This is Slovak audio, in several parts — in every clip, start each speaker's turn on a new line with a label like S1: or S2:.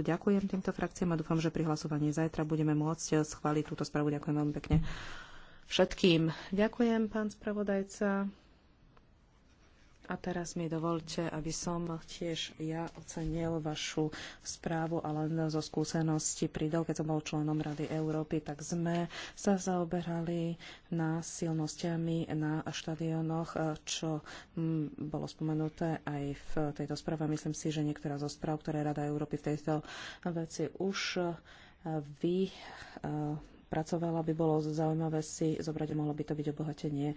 S1: Ďakujem týmto frakciám a dúfam, že pri hlasovaní zajtra budeme môcť schváliť túto správu. Ďakujem veľmi pekne všetkým. Ďakujem, pán spravodajca. A teraz mi dovolte, aby som tiež ja ocenil vašu správu, ale zo skúsenosti pridal, keď som bol členom Rady Európy, tak sme sa zaoberali násilnostiami na štadionoch, čo mm, bolo spomenuté aj v tejto správe. Myslím si, že niektorá zo správ, ktoré Rada Európy v tejto veci už e, vy e, pracovala, by bolo zaujímavé si zobrať, mohlo by to byť obohatenie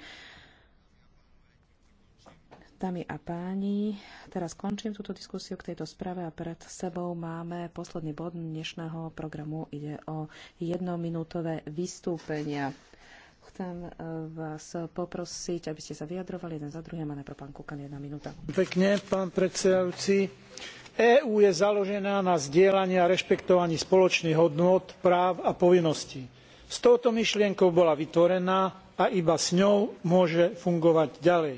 S1: Dámy a páni, teraz končím túto diskusiu k tejto správe a pred sebou máme posledný bod dnešného programu. Ide o jednominútové vystúpenia. Chcem eh, vás poprosiť, aby ste sa vyjadrovali jeden za druhým a najprv pán Kukan, jedna minúta.
S2: Pekne, pán predsedajúci. EÚ je založená na zdieľaní a rešpektovaní spoločných hodnot, práv a povinností. S touto myšlienkou bola vytvorená a iba s ňou môže fungovať ďalej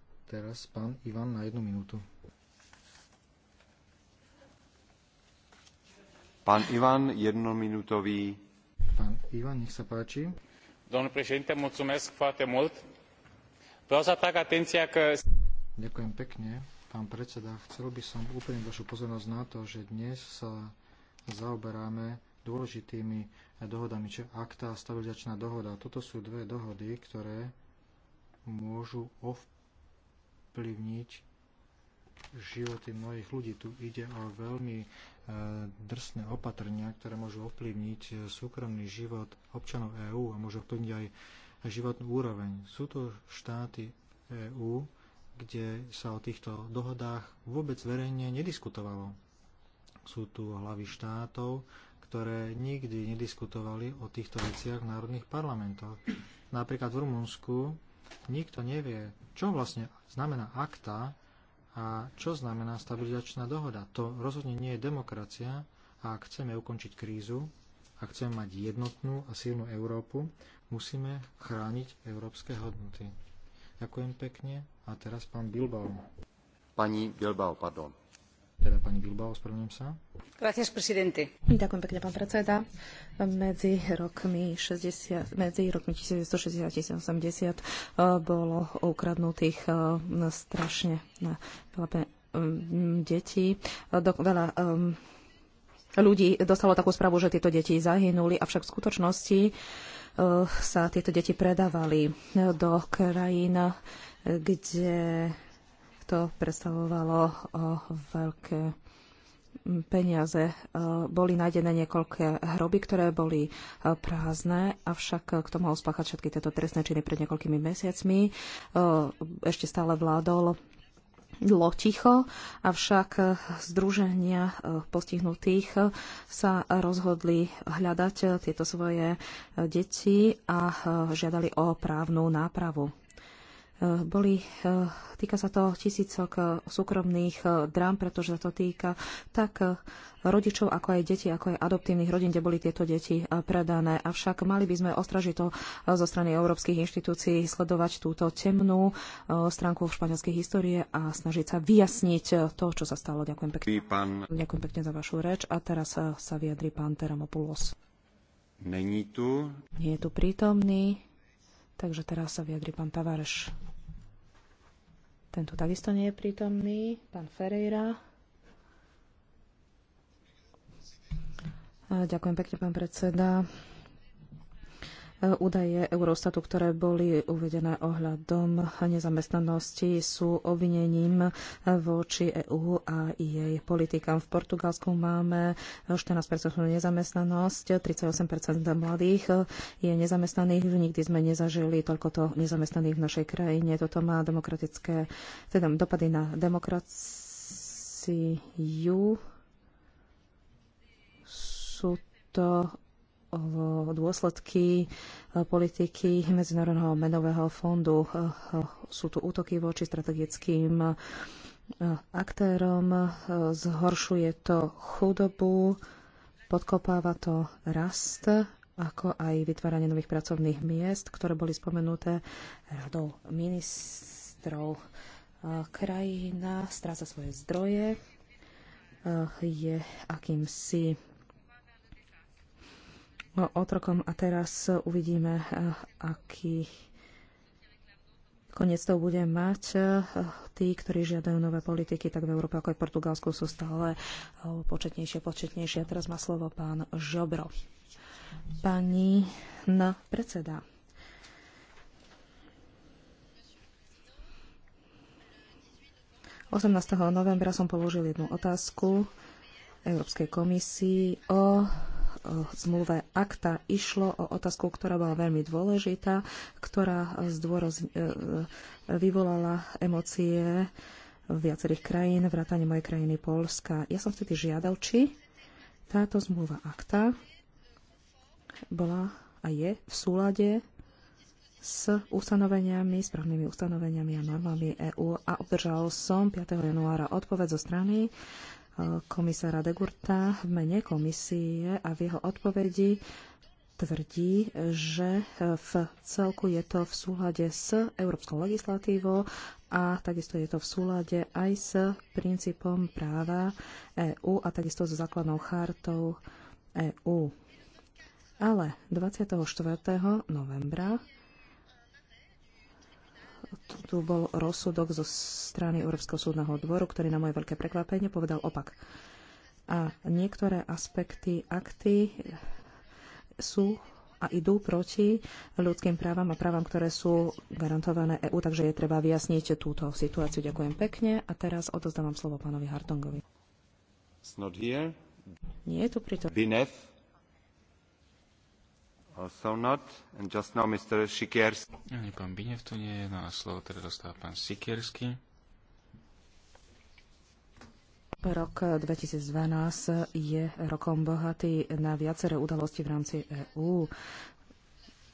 S3: Teraz pán Ivan na jednu minútu. Pán Ivan, jednominútový. Pán Ivan, nech sa páči. Ďakujem pekne, pán predseda. Chcel by som upriamiť vašu pozornosť na to, že dnes sa zaoberáme dôležitými dohodami, či akta a stabilizačná dohoda. Toto sú dve dohody, ktoré môžu ovplyvniť ovplyvniť životy mnohých ľudí. Tu ide o veľmi e, drsné opatrenia, ktoré môžu ovplyvniť e, súkromný život občanov EÚ a môžu ovplyvniť aj životnú úroveň. Sú to štáty EÚ, kde sa o týchto dohodách vôbec verejne nediskutovalo. Sú tu hlavy štátov, ktoré nikdy nediskutovali o týchto veciach v národných parlamentoch. Napríklad v Rumunsku nikto nevie, čo vlastne znamená akta a čo znamená stabilizačná dohoda. To rozhodne nie je demokracia a ak chceme ukončiť krízu, ak chceme mať jednotnú a silnú Európu, musíme chrániť európske hodnoty. Ďakujem pekne a teraz pán Bilbao. Pani Bilbao, pardon teda pani Bilbao, ospravedlňujem sa.
S1: Gracias, presidente. Ďakujem pekne, pán predseda. Medzi rokmi, 60, medzi rokmi 1960 a 1980 bolo ukradnutých eh, strašne eh, veľa mm, detí. Eh, veľa ľudí dostalo takú správu, že tieto deti zahynuli, avšak v skutočnosti sa tieto deti predávali do krajín, kde to predstavovalo veľké peniaze. E, boli nájdené niekoľké hroby, ktoré boli e, prázdne, avšak kto mohol spáchať všetky tieto trestné činy pred niekoľkými mesiacmi, e, ešte stále vládol ticho, avšak združenia postihnutých sa rozhodli hľadať tieto svoje deti a žiadali o právnu nápravu. Eh, boli, eh, týka sa to tisícok eh, súkromných drám, pretože sa to týka tak rodičov, ako aj deti, ako aj adoptívnych rodín, kde boli tieto deti predané. Avšak mali by sme ostražito zo strany európskych inštitúcií sledovať túto temnú stránku v španielskej histórie a snažiť sa vyjasniť to, čo sa stalo. Ďakujem pekne. Pán... Ďakujem pekne za vašu reč a teraz sa vyjadri pán Teramopoulos.
S3: Není tu.
S1: Nie je tu prítomný, takže teraz sa vyjadri pán Tavareš. Tento takisto nie je prítomný. Pán Ferreira. Ďakujem pekne, pán predseda. Údaje Eurostatu, ktoré boli uvedené ohľadom nezamestnanosti, sú obvinením voči EÚ a jej politikám. V Portugalsku máme 14% nezamestnanosť, 38% mladých je nezamestnaných. Nikdy sme nezažili toľko to nezamestnaných v našej krajine. Toto má demokratické, teda dopady na demokraciu. Sú to dôsledky e, politiky Medzinárodného menového fondu. E, e, sú tu útoky voči strategickým aktérom, zhoršuje to chudobu, podkopáva to rast ako aj vytváranie nových pracovných miest, ktoré boli spomenuté radou ministrov. Krajina stráca svoje zdroje, je akýmsi otrokom a teraz uvidíme, eh, aký koniec to bude mať. Eh, tí, ktorí žiadajú nové politiky, tak v Európe ako aj v Portugalsku sú stále eh, početnejšie, početnejšie. A teraz má slovo pán Žobro. Pani na predseda. Osemnásteho novembra som položil jednu otázku Európskej komisii o Eh, zmluve akta išlo o otázku, ktorá bola veľmi dôležitá, ktorá zdôroz, eh, eh, vyvolala emócie viacerých krajín, vrátane mojej krajiny Polska. Ja som vtedy žiadal, či táto zmluva akta bola a je v súlade s ustanoveniami, správnymi ustanoveniami a normami EÚ a obdržal som 5. januára odpoveď zo strany komisára Degurta v mene komisie a v jeho odpovedi tvrdí, že v celku je to v súlade s európskou legislatívou a takisto je to v súlade aj s princípom práva EÚ a takisto s základnou chartou EÚ. Ale 24. novembra tu bol rozsudok zo strany Európskeho súdneho dvoru, ktorý na moje veľké prekvapenie povedal opak. A niektoré aspekty akty sú a idú proti ľudským právam a právam, ktoré sú garantované EÚ, takže je treba vyjasniť túto situáciu. Ďakujem pekne a teraz odozdávam slovo pánovi Hartongovi. Nie je tu pritom
S4: also not. And just now Mr. Sikierski. Ani pán Binev tu nie je, no a slovo teda dostáva pán Sikierski.
S1: Rok 2012 je rokom bohatý na viaceré udalosti v rámci EÚ.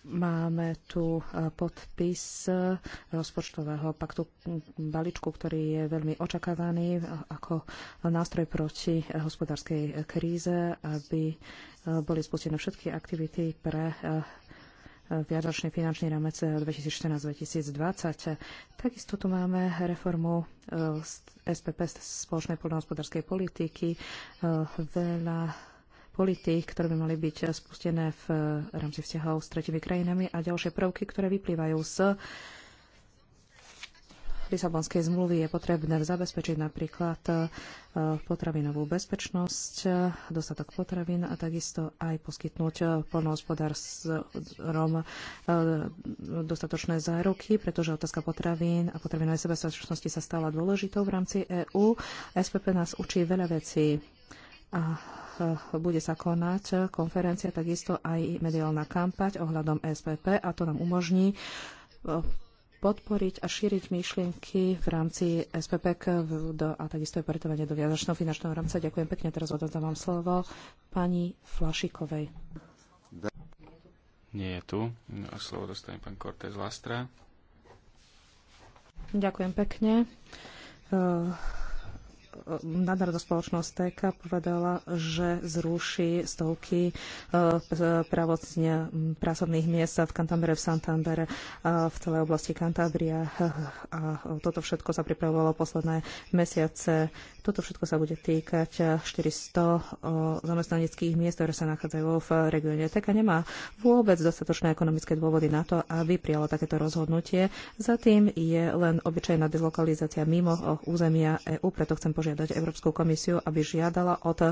S1: Máme tu e, podpis e, rozpočtového paktu balíčku, ktorý je veľmi očakávaný ako nástroj proti e, hospodárskej kríze, aby boli spustené všetky aktivity pre eh, viacročný finančný rámec 2014-2020. Eh, Takisto tu máme reformu eh, SPP spoločnej poľnohospodárskej politiky. Veľa politik, ktoré by mali byť spustené v rámci vzťahov s tretimi krajinami a ďalšie prvky, ktoré vyplývajú z Lisabonskej zmluvy je potrebné zabezpečiť napríklad e, potravinovú bezpečnosť, e, dostatok potravín a takisto aj poskytnúť e, polnohospodárom dostatočné záruky, pretože otázka potravín a potravinovej sebezpečnosti sa stala dôležitou v rámci EÚ. SPP nás učí veľa vecí a bude sa konať konferencia, takisto aj mediálna kampať ohľadom SPP a to nám umožní podporiť a šíriť myšlienky v rámci SPP do, a takisto je poritovanie do viazačného finančného rámca. Ďakujem pekne, teraz odozdávam slovo pani Flašikovej.
S4: Nie je tu. No, slovo dostane pán Cortez Lastra.
S1: Ďakujem pekne. Uh nadnárodná spoločnosť TK povedala, že zruší stovky e, pravocne pracovných miest v Kantambere, v Santandere, v celej oblasti Kantabria. A toto všetko sa pripravovalo posledné mesiace. Toto všetko sa bude týkať 400 eh, eh, zamestnaneckých miest, ktoré sa nachádzajú v regióne. a nemá vôbec dostatočné ekonomické dôvody na to, aby prijalo takéto rozhodnutie. Za tým je len obyčajná dezlokalizácia mimo eh, územia EÚ, preto chcem požiadať Európsku komisiu, aby žiadala od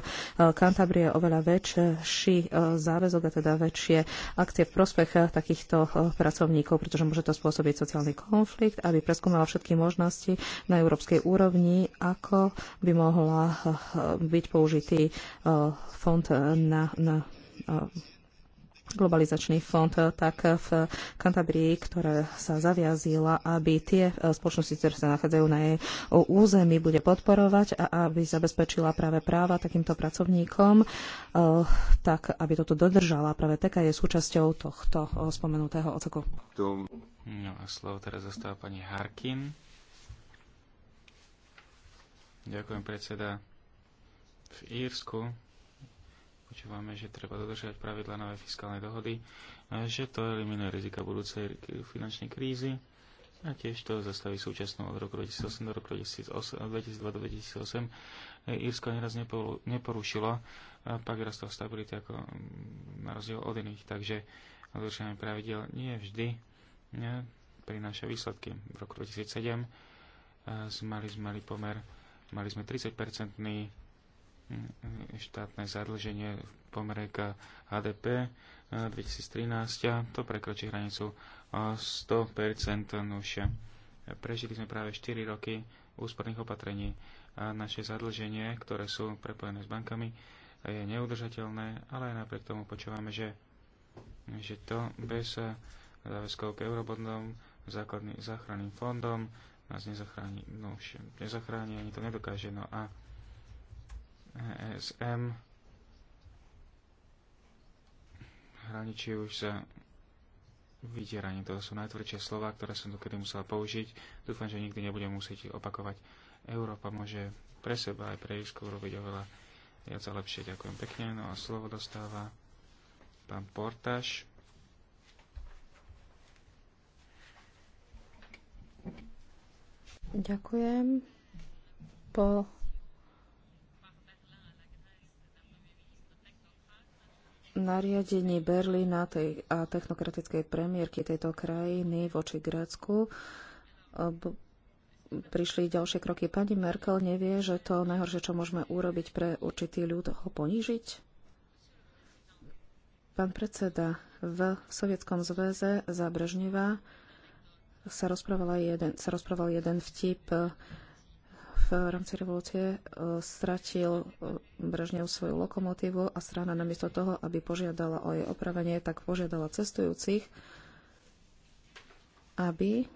S1: Kantabrie oveľa väčší záväzok a teda väčšie akcie v prospech takýchto pracovníkov, pretože môže to spôsobiť sociálny konflikt, aby preskúmala všetky možnosti na európskej úrovni, ako by mohla eh, eh, byť použitý eh, fond na, na globalizačný fond, tak v Kantabrii, ktorá sa zaviazila, aby tie spoločnosti, ktoré sa nachádzajú na jej území, bude podporovať a aby zabezpečila práve práva takýmto pracovníkom, tak aby toto dodržala. Práve taká je súčasťou tohto spomenutého oceku.
S4: No a slovo teraz zostáva pani Harkin. Ďakujem, predseda. V Írsku počúvame, že treba dodržiavať pravidla nové fiskálnej dohody, že to eliminuje rizika budúcej finančnej krízy a tiež to zastaví súčasnú od roku 2008 do roku 2008, 2002-2008. Írsko nieraz neporušilo pak rastov stability ako mm, na rozdiel od iných, takže dodržiavanie pravidel nie vždy prináša výsledky. V roku 2007 sme mali, mali pomer Mali sme 30-percentný mm, mm, štátne zadlženie v pomere k HDP 2013 eh, a to prekročí hranicu 100%. Eh, Nuž. Prežili sme práve 4 roky úsporných opatrení a naše zadlženie, ktoré sú prepojené s bankami, je neudržateľné, ale aj napriek tomu počúvame, že, že to bez eh, záväzkov k eurobondom, základným záchranným fondom, nás nezachráni, no všem, nezachráni, ani to nedokáže. No a ESM hraničí už za vydieranie. To sú najtvrdšie slova, ktoré som dokedy musel použiť. Dúfam, že nikdy nebudem musieť opakovať. Európa môže pre seba aj pre Rísku urobiť oveľa viac a lepšie. Ďakujem pekne. No a slovo dostáva pán Portáš.
S1: Ďakujem. Po nariadení Berlína tej, a technokratickej premiérky tejto krajiny voči Grécku prišli ďalšie kroky. Pani Merkel nevie, že to najhoršie, čo môžeme urobiť pre určitý ľud, ho ponížiť? Pán predseda, v Sovietskom zväze za Brežneva sa rozprával jeden, sa rozprával jeden vtip eh, v rámci revolúcie eh, stratil eh, Brežnev svoju lokomotívu a strana namiesto toho, aby požiadala o jej opravenie, tak požiadala cestujúcich, aby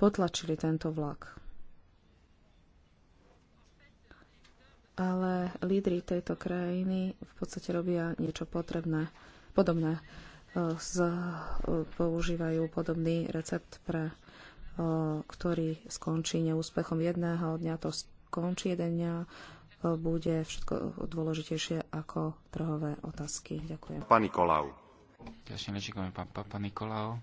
S1: potlačili tento vlak. Ale lídry tejto krajiny v podstate robia niečo potrebné, podobné z, e, používajú podobný recept, pre, e, ktorý skončí neúspechom jedného dňa, to skončí jeden dňa, e, bude všetko dôležitejšie ako trhové otázky. Ďakujem.
S4: Pani Kolau. Ďalším rečníkom je pán Papa Nikolau.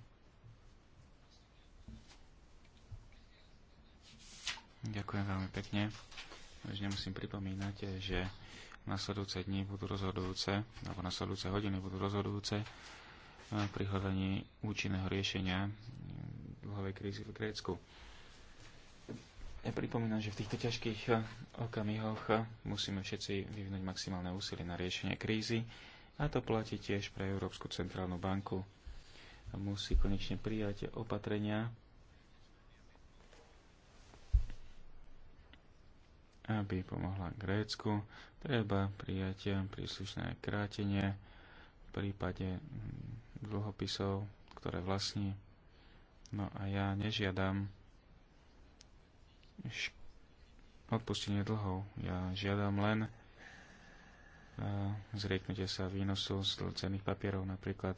S4: Ďakujem veľmi pekne. Už nemusím pripomínať, že nasledujúce dni budú rozhodujúce, alebo nasledujúce hodiny budú rozhodujúce pri hľadaní účinného riešenia dlhovej krízy v Grécku. Ja pripomínam, že v týchto ťažkých eh, okamihoch eh, musíme všetci vyvinúť maximálne úsilie na riešenie krízy a to platí tiež pre Európsku centrálnu banku. Musí konečne prijať opatrenia aby pomohla Grécku, treba prijať príslušné krátenie v prípade hm, dlhopisov, ktoré vlastní. No a ja nežiadam odpustenie dlhov. Ja žiadam len zrieknutie sa výnosu z cenných papierov, napríklad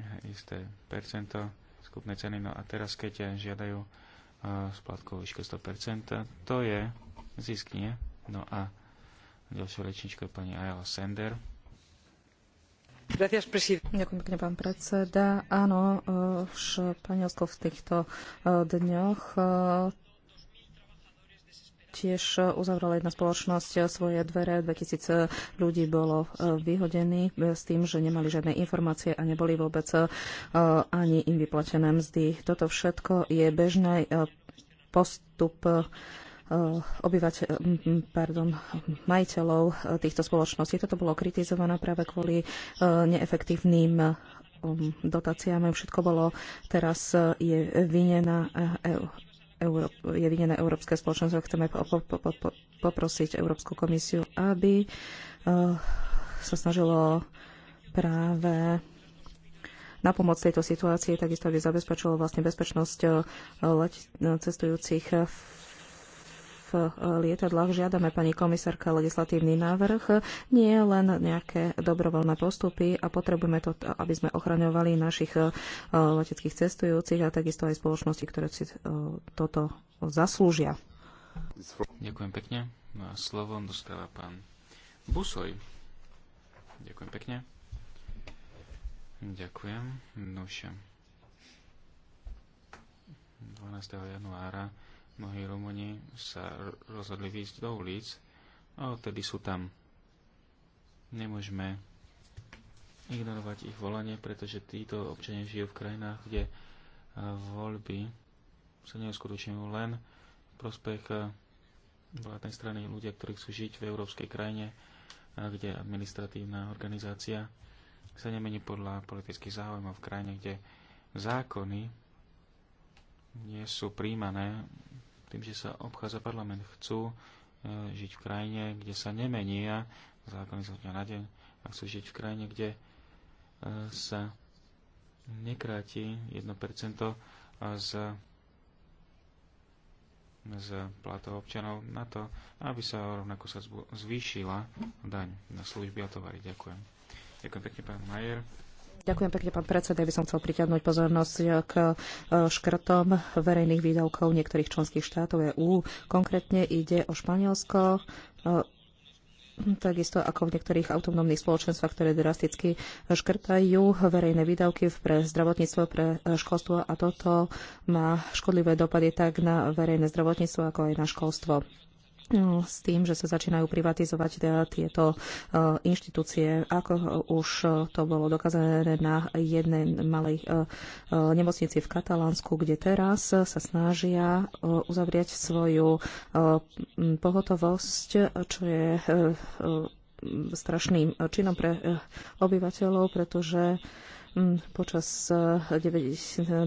S4: e, isté percento skupnej ceny. No a teraz, keď žiadajú splátku výške 100%, to je zisk, nie? No a ďalšia rečnička je pani Ayala Sender.
S5: Ďakujem
S1: pekne, pán predseda. Áno, eh, Španielsko v týchto eh, dňoch eh, tiež uzavrela jedna spoločnosť svoje dvere. 2000 ľudí bolo vyhodení s tým, že nemali žiadne informácie a neboli vôbec ani im vyplatené mzdy. Toto všetko je bežný postup Eh, obyvateľ, pardon, majiteľov eh, týchto spoločností. Toto bolo kritizované práve kvôli eh, neefektívnym dotáciám. Všetko bolo teraz je vinená Euró- je vinená Európska spoločnosť a chceme po- po- po- poprosiť Európsku komisiu, aby uh, sa snažilo práve na pomoc tejto situácii, takisto aby zabezpečilo vlastne bezpečnosť uh, let- cestujúcich v v e, lietadlách. Žiadame pani komisárka legislatívny návrh, nie len nejaké dobrovoľné postupy a potrebujeme to, aby sme ochraňovali našich e, leteckých cestujúcich a takisto aj spoločnosti, ktoré si e, toto zaslúžia.
S4: Ďakujem pekne. No a slovo dostáva pán Busoj. Ďakujem pekne. Ďakujem. Nože. 12. januára Mnohí Rumuni sa rozhodli výjsť do ulic a odtedy sú tam. Nemôžeme ignorovať ich volanie, pretože títo občania žijú v krajinách, kde eh, voľby sa neuskutočňujú len prospech eh, vládnej strany ľudia, ktorí chcú žiť v európskej krajine, eh, kde administratívna organizácia sa nemení podľa politických záujmov v krajine, kde zákony nie sú príjmané tým, že sa obchádza parlament, chcú e, žiť v krajine, kde sa nemenia zákony z dňa na deň a chcú žiť v krajine, kde e, sa nekráti 1% e, z, z platov občanov na to, aby sa rovnako sa zvýšila daň na služby a tovary. Ďakujem. Ďakujem pekne, pán Majer.
S1: Ďakujem pekne, pán predseda. Ja by som chcel priťahnuť pozornosť k e, škrtom verejných výdavkov niektorých členských štátov EÚ. Konkrétne ide o Španielsko, e, takisto ako v niektorých autonómnych spoločenstvách, ktoré drasticky škrtajú verejné výdavky pre zdravotníctvo, pre e, školstvo a toto má škodlivé dopady tak na verejné zdravotníctvo, ako aj na školstvo. No, s tým, že sa začínajú privatizovať e, tieto e, inštitúcie, ako už e, to bolo dokázané na jednej malej nemocnici v Katalánsku, kde teraz sa snažia uzavrieť svoju pohotovosť, čo je strašným činom pre obyvateľov, pretože Mm, počas eh, eh,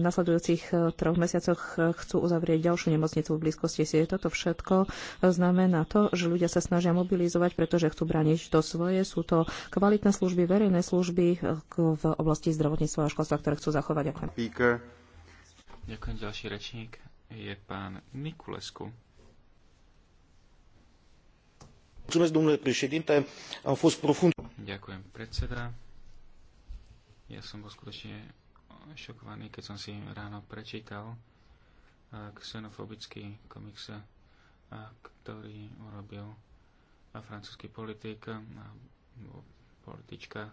S1: nasledujúcich eh, troch mesiacoch chcú uzavrieť ďalšiu nemocnicu v blízkosti si. Toto všetko znamená to, že ľudia sa snažia mobilizovať, pretože chcú brániť to svoje. Sú to kvalitné služby, verejné služby v oblasti zdravotníctva a školstva, ktoré chcú zachovať. Ďakujem.
S4: Ďakujem. Ďalší rečník je pán Mikulesku. Ďakujem, predseda. Ja som bol skutočne šokovaný, keď som si ráno prečítal eh, xenofobický komiks, eh, ktorý urobil eh, francúzsky politik, politička,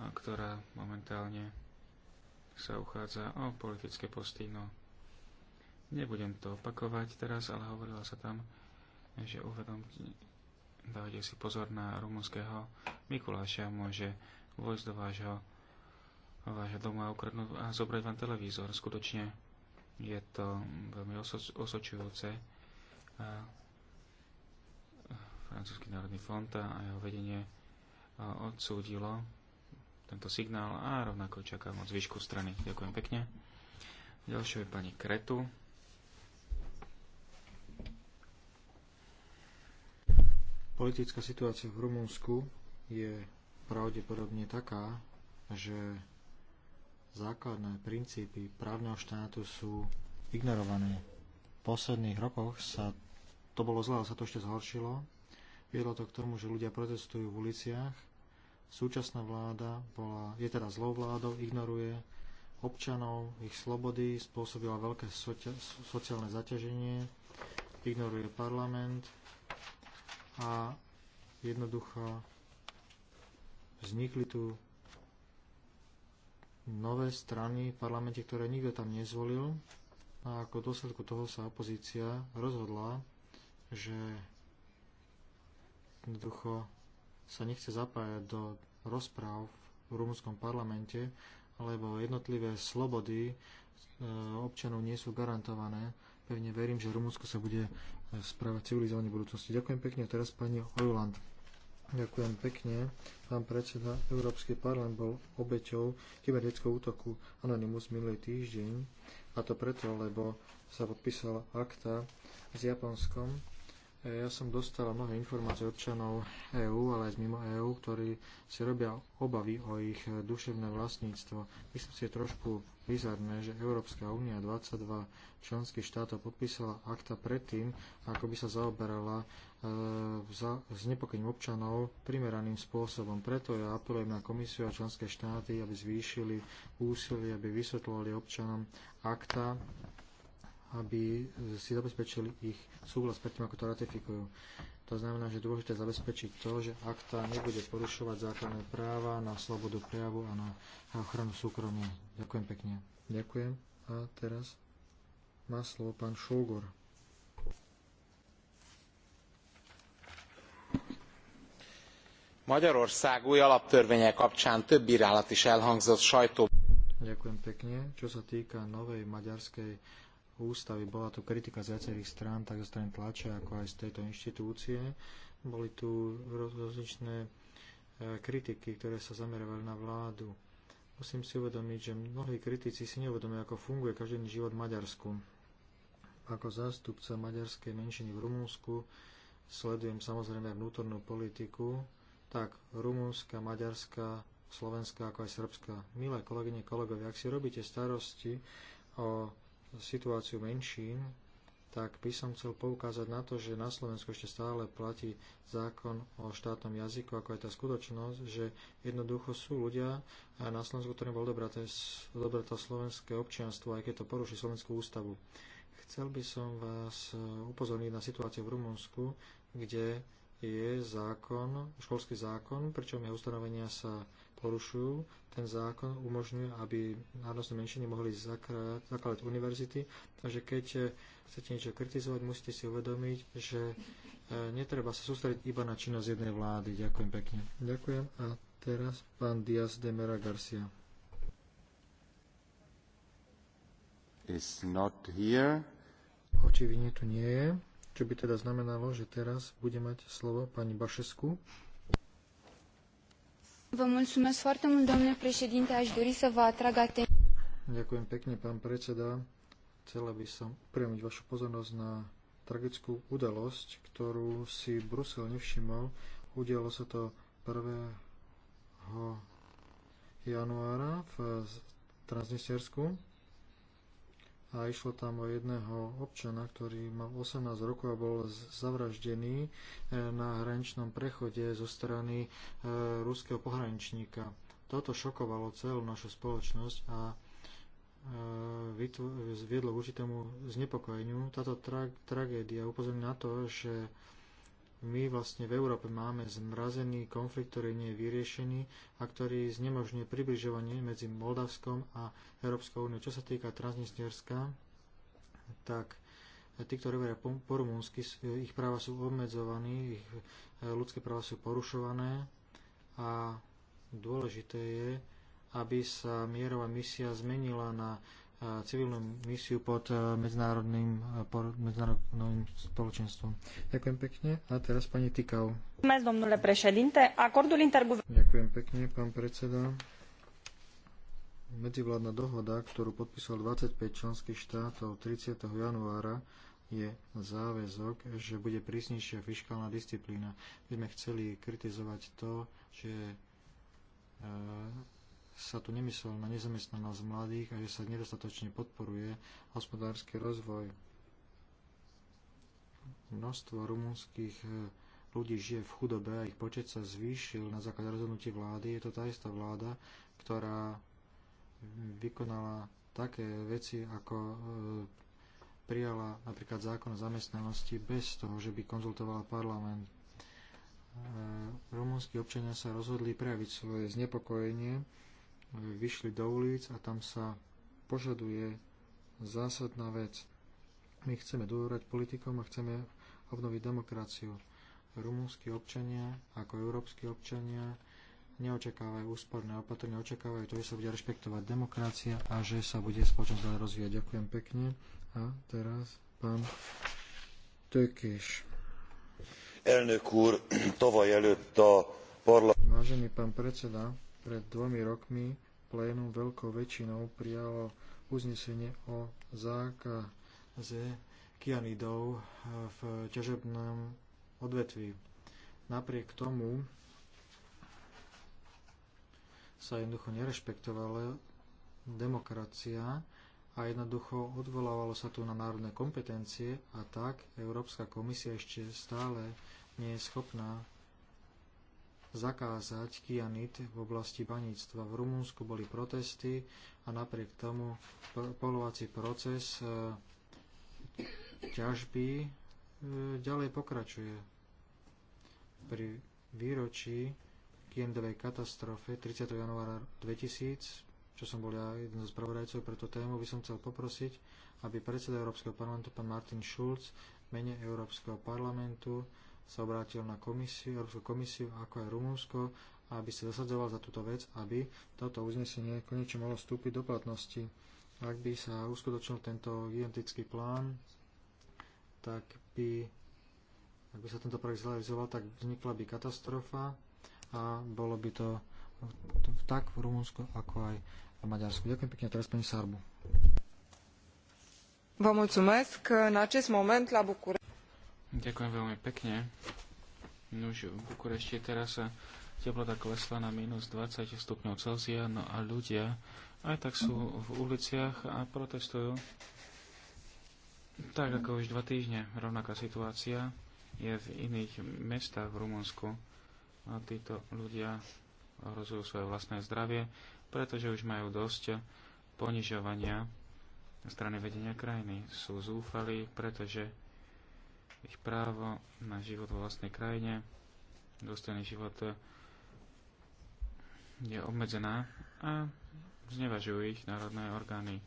S4: ktorá momentálne sa uchádza o politické posty. No, nebudem to opakovať teraz, ale hovorila sa tam, že uvedom, dávajte si pozor na rumunského Mikuláša, môže vojsť do vášho vášho domu a ukradnúť a zobrať vám televízor. Skutočne je to veľmi oso- osočujúce. Francúzsky národný fond a jeho vedenie odsúdilo tento signál a rovnako čakám od zvyšku strany. Ďakujem pekne. Ďalšou je pani
S3: Kretu. Politická situácia v Rumunsku je pravdepodobne taká, že základné princípy právneho štátu sú ignorované. V posledných rokoch sa to bolo zle, ale sa to ešte zhoršilo. Viedlo to k tomu, že ľudia protestujú v uliciach. Súčasná vláda bola, je teda zlou vládou, ignoruje občanov, ich slobody, spôsobila veľké sociálne zaťaženie, ignoruje parlament a jednoducho vznikli tu nové strany v parlamente, ktoré nikto tam nezvolil. A ako dôsledku toho sa opozícia rozhodla, že jednoducho sa nechce zapájať do rozpráv v rumúnskom parlamente, lebo jednotlivé slobody e, občanov nie sú garantované. Pevne verím, že Rumúnsko sa bude správať civilizovanie budúcnosti. Ďakujem pekne a teraz pani Ojuland. Ďakujem pekne. Pán predseda, Európsky parlament bol obeťou kybernetického útoku Anonymous minulý týždeň, a to preto, lebo sa podpísala akta s Japonskom ja som dostala mnohé informácie občanov EÚ, ale aj z mimo EÚ, ktorí si robia obavy o ich duševné vlastníctvo. Myslím si, je trošku bizarné, že Európska únia 22 členských štátov podpísala akta predtým, ako by sa zaoberala e, za, znepokojením občanov primeraným spôsobom. Preto ja apelujem na komisiu a členské štáty, aby zvýšili úsilie, aby vysvetľovali občanom akta aby si zabezpečili ich súhlas predtým, ako to ratifikujú. To znamená, že dôležité zabezpečiť to, že akta nebude porušovať základné práva na slobodu prejavu a na ochranu súkromia. Ďakujem pekne. Ďakujem. A teraz má slovo pán Šulgor. Magyarország új alaptörvénye kapcsán több bírálat is elhangzott sajtó. Ďakujem pekne. Čo sa týka novej maďarskej ústavy. Bola tu kritika z viacerých strán, tak zo strany tlače, ako aj z tejto inštitúcie. Boli tu rozličné e, kritiky, ktoré sa zamerovali na vládu. Musím si uvedomiť, že mnohí kritici si neuvedomujú, ako funguje každodenný život v Maďarsku. Ako zástupca maďarskej menšiny v Rumúnsku sledujem samozrejme vnútornú politiku, tak rumúnska, maďarská, slovenská ako aj srbská. Milé kolegyne, kolegovia, ak si robíte starosti o situáciu menšín, tak by som chcel poukázať na to, že na Slovensku ešte stále platí zákon o štátnom jazyku, ako aj tá skutočnosť, že jednoducho sú ľudia na Slovensku, ktorým bol dobré odobraté slovenské občianstvo, aj keď to poruší slovenskú ústavu. Chcel by som vás upozorniť na situáciu v Rumunsku, kde je zákon, školský zákon, pričom jeho ustanovenia sa porušujú. Ten zákon umožňuje, aby národnostné menšiny mohli zakladať univerzity. Takže keď eh, chcete niečo kritizovať, musíte si uvedomiť, že eh, netreba sa sústrediť iba na činnosť jednej vlády. Ďakujem pekne. Ďakujem. A teraz pán Diaz de Mera Garcia. Is not here. Očividne tu nie je čo by teda znamenalo, že teraz bude mať slovo pani Bašesku.
S1: Vă mulțumesc foarte mult, domnule președinte. Aș dori să vă atrag atenția.
S3: Ďakujem pekne, pán predseda. Chcela by som upriamiť vašu pozornosť na tragickú udalosť, ktorú si Brusel nevšimol. Udialo sa to 1. januára v Transnistersku a išlo tam o jedného občana, ktorý mal 18 rokov a bol zavraždený e, na hraničnom prechode zo strany e, ruského pohraničníka. Toto šokovalo celú našu spoločnosť a e, viedlo k určitému znepokojeniu. Táto tra- tragédia upozorňuje na to, že my vlastne v Európe máme zmrazený konflikt, ktorý nie je vyriešený a ktorý znemožňuje približovanie medzi Moldavskom a Európskou úniou. Čo sa týka Transnisterska, tak tí, ktorí hovoria po, po rumúnsky, ich práva sú obmedzovaní, ich e, ľudské práva sú porušované a dôležité je, aby sa mierová misia zmenila na civilnú misiu pod e, medzinárodným, e, medzinárodným spoločenstvom. Ďakujem pekne. A teraz pani Tikau.
S1: Ďakujem
S3: pekne, pán predseda. Medzivládna dohoda, ktorú podpísal 25 členských štátov 30. januára, je záväzok, že bude prísnejšia fiskálna disciplína. My sme chceli kritizovať to, že e, sa tu nemyslel na nezamestnanosť mladých a že sa nedostatočne podporuje hospodársky rozvoj. Množstvo rumunských e, ľudí žije v chudobe a ich počet sa zvýšil na základe rozhodnutí vlády. Je to tá istá vláda, ktorá vykonala také veci, ako e, prijala napríklad zákon o zamestnanosti bez toho, že by konzultovala parlament. E, Rumúnsky občania sa rozhodli prejaviť svoje znepokojenie vyšli do ulic a tam sa požaduje zásadná vec. My chceme dôverať politikom a chceme obnoviť demokraciu. Rumúnsky občania, ako európsky občania, neočakávajú úsporné opatrenia, očakávajú to, že sa bude rešpektovať demokracia a že sa bude spoločnosť ďalej rozvíjať. Ďakujem pekne. A teraz pán Tökés. Elnök úr, előtt a parlament... Vážený pán predseda, pred dvomi rokmi plénum veľkou väčšinou prijalo uznesenie o zákaze kianidov v ťažobnom odvetví. Napriek tomu sa jednoducho nerešpektovala demokracia a jednoducho odvolávalo sa tu na národné kompetencie a tak Európska komisia ešte stále nie je schopná zakázať kianit v oblasti baníctva. V Rumunsku boli protesty a napriek tomu polovací proces e, ťažby e, ďalej pokračuje. Pri výročí kiendovej katastrofe 30. januára 2000, čo som bol ja jeden z pravodajcov pre tú tému, by som chcel poprosiť, aby predseda Európskeho parlamentu, pán Martin Schulz, mene Európskeho parlamentu sa obrátil na komisiu, Európsku komisiu, ako aj Rumúnsko, aby sa zasadzoval za túto vec, aby toto uznesenie konečne mohlo vstúpiť do platnosti. Ak by sa uskutočnil tento identický plán, tak by, ak by sa tento projekt zrealizoval, tak vznikla by katastrofa a bolo by to tak v Rumunsku, ako aj v Maďarsku. Ďakujem pekne, teraz pani Sarbu.
S5: Vă mulțumesc. În acest moment, la București,
S4: Ďakujem veľmi pekne. Nuž, v Bukurešti teraz sa teplota klesla na minus 20 stupňov Celzia, no a ľudia aj tak sú v uliciach a protestujú. Tak ako už dva týždne, rovnaká situácia je v iných mestách v Rumunsku. A títo ľudia hrozujú svoje vlastné zdravie, pretože už majú dosť ponižovania strany vedenia krajiny. Sú zúfali, pretože ich právo na život vo vlastnej krajine, dôstojný život je obmedzená a znevažujú ich národné orgány.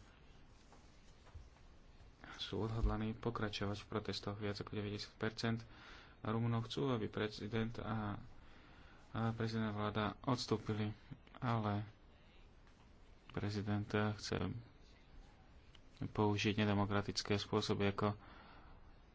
S4: Sú odhodlaní pokračovať v protestoch viac ako 90 Rumunov chcú, aby prezident a, prezident vláda odstúpili, ale prezident chce použiť nedemokratické spôsoby ako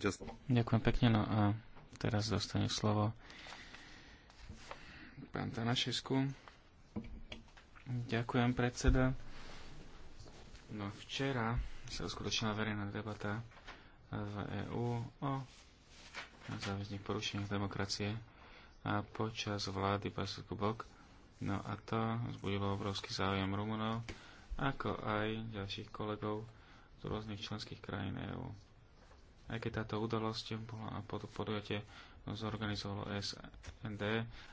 S5: just...
S4: Ďakujem pekne. No a teraz dostane slovo pán Tanašesku. Ďakujem, predseda. No včera sa uskutočnila verejná debata v EÚ o záväzných porušeniach demokracie a počas vlády Pasuku Bok. No a to vzbudilo obrovský záujem Rumunov, ako aj ďalších kolegov z rôznych členských krajín EÚ aj keď táto udalosť bola pod podujatie zorganizovalo SND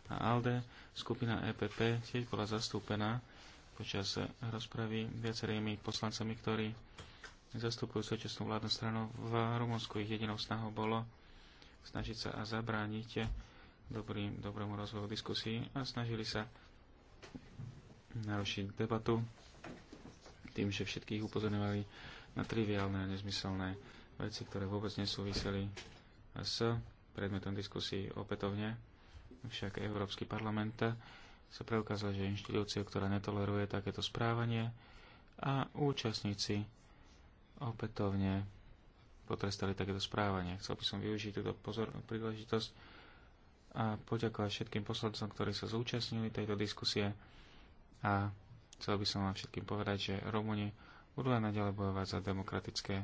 S4: a ALDE, skupina EPP tiež bola zastúpená počas rozpravy viacerými poslancami, ktorí zastupujú súčasnú vládnu stranu v Rumunsku. Ich jedinou snahou bolo snažiť sa a zabrániť dobrým, dobrému rozvoju diskusí a snažili sa narušiť debatu tým, že všetkých upozorňovali na triviálne a nezmyselné veci, ktoré vôbec nesúviseli s predmetom diskusí opätovne. Však Európsky parlament sa preukázal, že inštitúcia, ktorá netoleruje takéto správanie a účastníci opätovne potrestali takéto správanie. Chcel by som využiť túto pozornú príležitosť a poďakovať všetkým poslancom, ktorí sa zúčastnili tejto diskusie a chcel by som vám všetkým povedať, že Rumúni budú aj naďalej bojovať za demokratické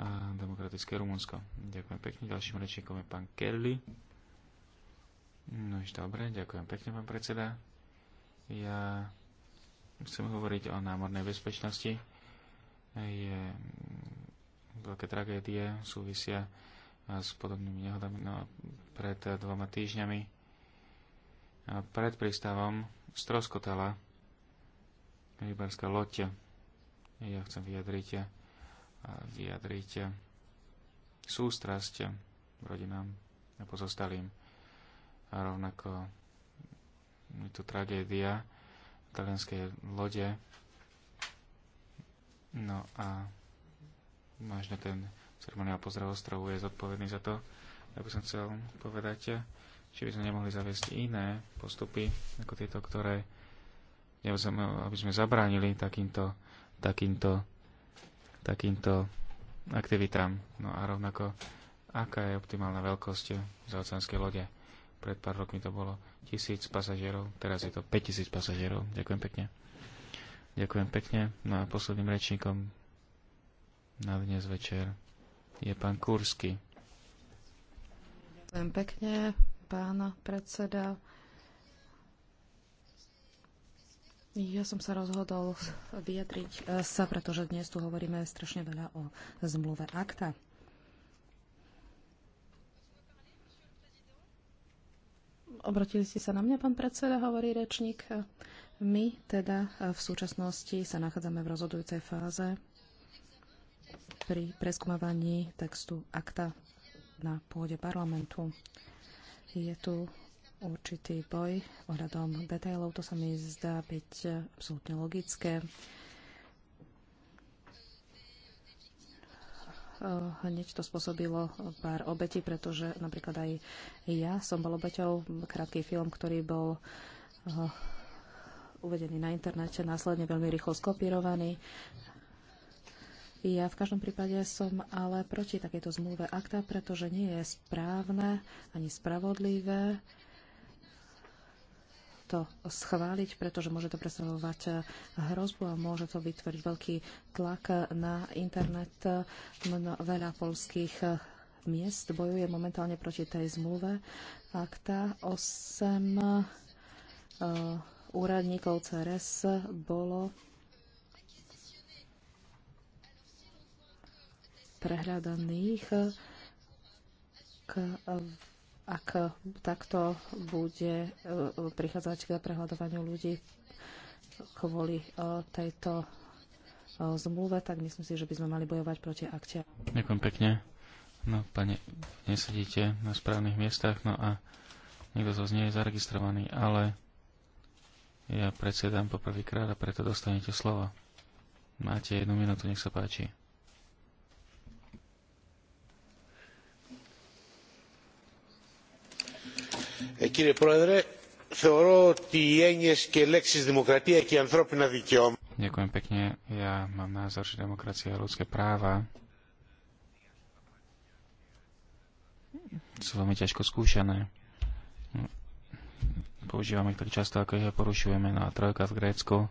S4: a demokratické Rumunsko. Ďakujem pekne. Ďalším rečníkom je pán Kelly. No už dobre, ďakujem pekne, pán predseda. Ja chcem hovoriť o námornej bezpečnosti. Je veľké tragédie súvisia s podobnými nehodami. No, pred dvoma týždňami pred prístavom stroskotala rybárska loď. Ja chcem vyjadriť vyjadriť sústrasť rodinám a pozostalým. A rovnako je tu tragédia talianskej lode. No a možno ten ceremoniál pozdrav ostrovu je zodpovedný za to. Ja by som chcel povedať, či by sme nemohli zaviesť iné postupy ako tieto, ktoré aby sme zabránili takýmto, takýmto takýmto aktivitám. No a rovnako, aká je optimálna veľkosť za oceánskej lode? Pred pár rokmi to bolo tisíc pasažierov, teraz je to 5000 pasažierov. Ďakujem pekne. Ďakujem pekne. No a posledným rečníkom na dnes večer je pán Kursky.
S1: Ďakujem pekne, pán predseda. Ja som sa rozhodol vyjadriť e, sa, pretože dnes tu hovoríme strašne veľa o zmluve akta. Obratili ste sa na mňa, pán predseda, hovorí rečník. My teda e, v súčasnosti sa nachádzame v rozhodujúcej fáze pri preskúmavaní textu akta na pôde parlamentu. Je tu určitý boj ohľadom detailov. To sa mi zdá byť absolútne logické. hneď to spôsobilo pár obetí, pretože napríklad aj ja som bol obeťou. Krátky film, ktorý bol uh, uvedený na internete, následne veľmi rýchlo skopírovaný. Ja v každom prípade som ale proti takejto zmluve akta, pretože nie je správne ani spravodlivé to schváliť, pretože môže to predstavovať eh, hrozbu a môže to vytvoriť veľký tlak na internet. Mno, veľa polských eh, miest bojuje momentálne proti tej zmluve. Akta 8 uh, eh, úradníkov CRS bolo prehľadaných k uh, ak takto bude e, prichádzať k prehľadovaniu ľudí kvôli e, tejto e, zmluve, tak myslím si, že by sme mali bojovať proti akte.
S4: Ďakujem pekne. No, pane, nesedíte na správnych miestach, no a niekto z vás nie je zaregistrovaný, ale ja predsedám poprvýkrát a preto dostanete slovo. Máte jednu minútu, nech sa
S2: páči. Κύριε Πρόεδρε, θεωρώ ότι οι έννοιες και λέξεις δημοκρατία και ανθρώπινα δικαιώματα
S4: Ďakujem pekne. Ja mám názor, že demokracia a ľudské práva sú veľmi ťažko skúšané. Používame ich tak často, ako ich porušujeme na no trojka v Grécku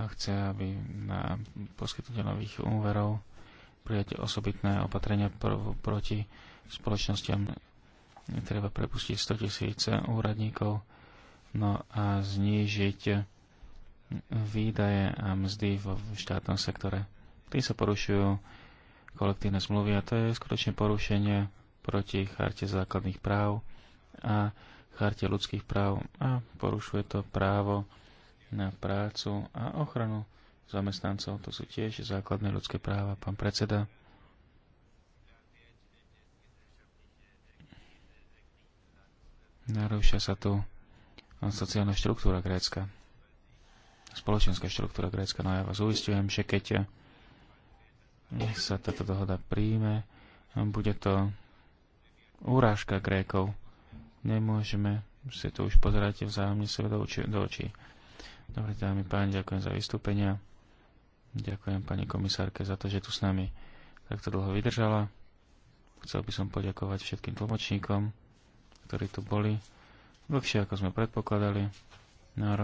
S4: a chce, aby na poskytnutie úverov prijať osobitné opatrenia pr- proti spoločnostiam treba prepustiť 100 tisíc úradníkov, no a znížiť výdaje a mzdy v štátnom sektore. Tým sa porušujú kolektívne zmluvy a to je skutočne porušenie proti charte základných práv a charte ľudských práv a porušuje to právo na prácu a ochranu zamestnancov. To sú tiež základné ľudské práva, pán predseda. narúša sa tu sociálna štruktúra Grécka, spoločenská štruktúra Grécka. No ja vás uistujem, že keď sa táto dohoda príjme, bude to úrážka Grékov. Nemôžeme si to už pozerať vzájomne sebe do, oči, do očí. Dobre, dámy páni, ďakujem za vystúpenia. Ďakujem pani komisárke za to, že tu s nami takto dlho vydržala. Chcel by som poďakovať všetkým tlmočníkom ktorí tu boli, dlhšie ako sme predpokladali. No